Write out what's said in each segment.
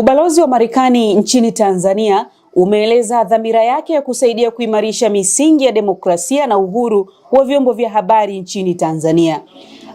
Ubalozi wa Marekani nchini Tanzania umeeleza dhamira yake ya kusaidia kuimarisha misingi ya demokrasia na uhuru wa vyombo vya habari nchini Tanzania.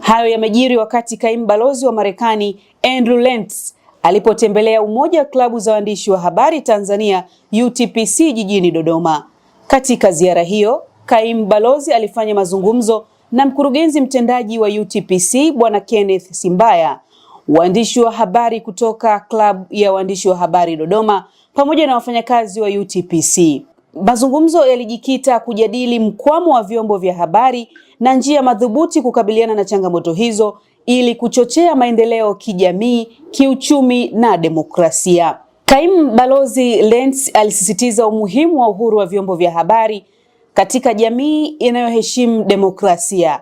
Hayo yamejiri wakati kaimu balozi wa Marekani Andrew Lentz alipotembelea Umoja wa Klabu za Waandishi wa Habari Tanzania UTPC jijini Dodoma. Katika ziara hiyo, kaimu balozi alifanya mazungumzo na mkurugenzi mtendaji wa UTPC Bwana Kenneth Simbaya waandishi wa habari kutoka klabu ya waandishi wa habari Dodoma pamoja na wafanyakazi wa UTPC. Mazungumzo yalijikita kujadili mkwamo wa vyombo vya habari na njia madhubuti kukabiliana na changamoto hizo ili kuchochea maendeleo kijamii, kiuchumi na demokrasia. Kaimu Balozi Lenz alisisitiza umuhimu wa uhuru wa vyombo vya habari katika jamii inayoheshimu demokrasia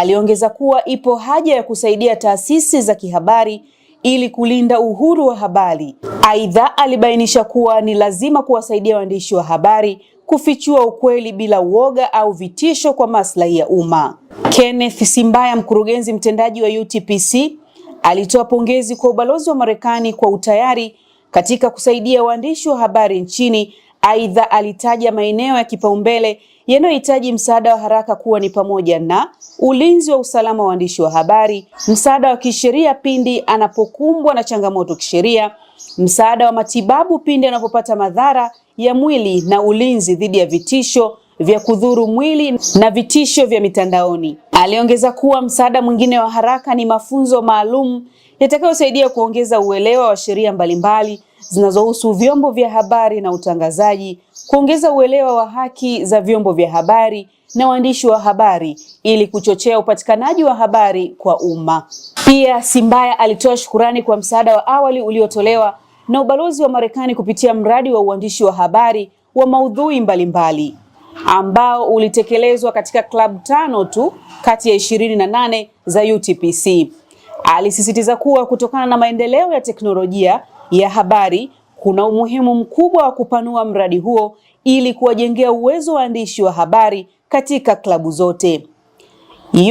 Aliongeza kuwa ipo haja ya kusaidia taasisi za kihabari ili kulinda uhuru wa habari. Aidha, alibainisha kuwa ni lazima kuwasaidia waandishi wa habari kufichua ukweli bila uoga au vitisho kwa maslahi ya umma. Kenneth Simbaya, mkurugenzi mtendaji wa UTPC, alitoa pongezi kwa ubalozi wa Marekani kwa utayari katika kusaidia waandishi wa habari nchini Aidha, alitaja maeneo ya kipaumbele yanayohitaji msaada wa haraka kuwa ni pamoja na ulinzi wa usalama wa waandishi wa habari, msaada wa kisheria pindi anapokumbwa na changamoto kisheria, msaada wa matibabu pindi anapopata madhara ya mwili na ulinzi dhidi ya vitisho vya kudhuru mwili na vitisho vya mitandaoni. Aliongeza kuwa msaada mwingine wa haraka ni mafunzo maalum yatakayosaidia kuongeza uelewa wa sheria mbalimbali zinazohusu vyombo vya habari na utangazaji, kuongeza uelewa wa haki za vyombo vya habari na waandishi wa habari ili kuchochea upatikanaji wa habari kwa umma. Pia Simbaya alitoa shukurani kwa msaada wa awali uliotolewa na ubalozi wa Marekani kupitia mradi wa uandishi wa habari wa maudhui mbalimbali mbali, ambao ulitekelezwa katika klabu tano tu kati ya ishirini na nane za UTPC. Alisisitiza kuwa kutokana na maendeleo ya teknolojia ya habari kuna umuhimu mkubwa wa kupanua mradi huo ili kuwajengea uwezo waandishi wa habari katika klabu zote.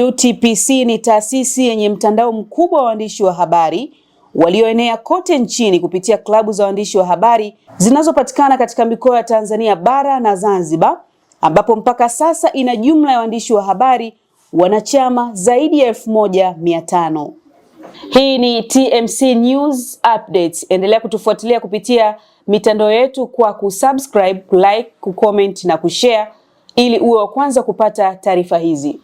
UTPC ni taasisi yenye mtandao mkubwa wa waandishi wa habari walioenea kote nchini kupitia klabu za waandishi wa habari zinazopatikana katika mikoa ya Tanzania bara na Zanzibar, ambapo mpaka sasa ina jumla ya waandishi wa habari wanachama zaidi ya elfu moja mia tano. Hii ni TMC News Updates. Endelea kutufuatilia kupitia mitandao yetu kwa kusubscribe, like, kucomment na kushare ili uwe wa kwanza kupata taarifa hizi.